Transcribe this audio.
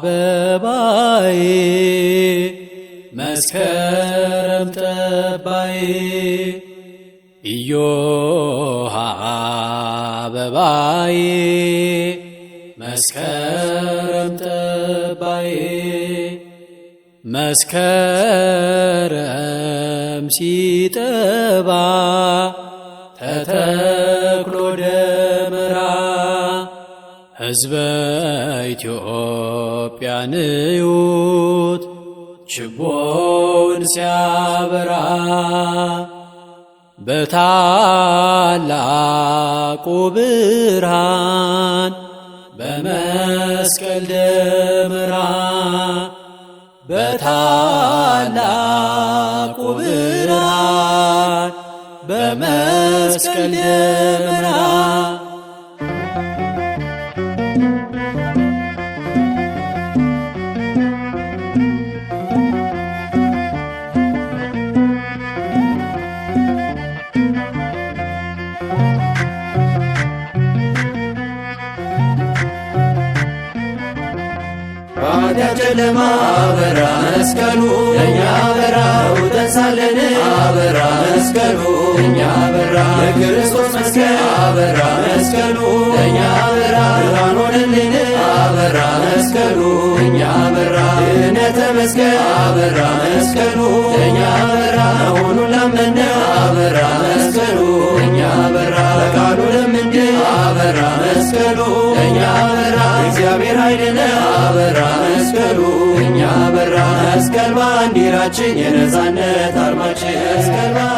አበባዬ መስከረም ጠባዬ እዮሃ አበባዬ መስከረም ጠባዬ መስከረም ሲጠባ ተተ ሕዝበ ኢትዮጵያ ንዩት ችቦውን ሲያበራ በታላቁ ብርሃን በመስቀል ደመራ በታላቁ ብርሃን በመስቀል ደመራ ባዳ ጨለማ አበራ መስቀሉ ለእኛ አበራ ተንሳለን አበራ መስቀሉ እኛ አበራ የክርስቶስ መስቀል አበራ መስቀሉ ለእኛ አበራ ብርሃን ሆነልን አበራ መስቀሉ እኛ አበራ ድህነተ መስቀል አበራ መስቀሉ ለእኛ አበራ መሆኑ ላመነ አበራ መስቀሉ እኛ አበራ በቃሉ ለምንድ አበራ መስቀሉ እግዚአብሔር ኃይልን አበራ መስቀሉ እኛ በራ መስቀል ባንዲራችን የነፃነት አርማችን መስቀል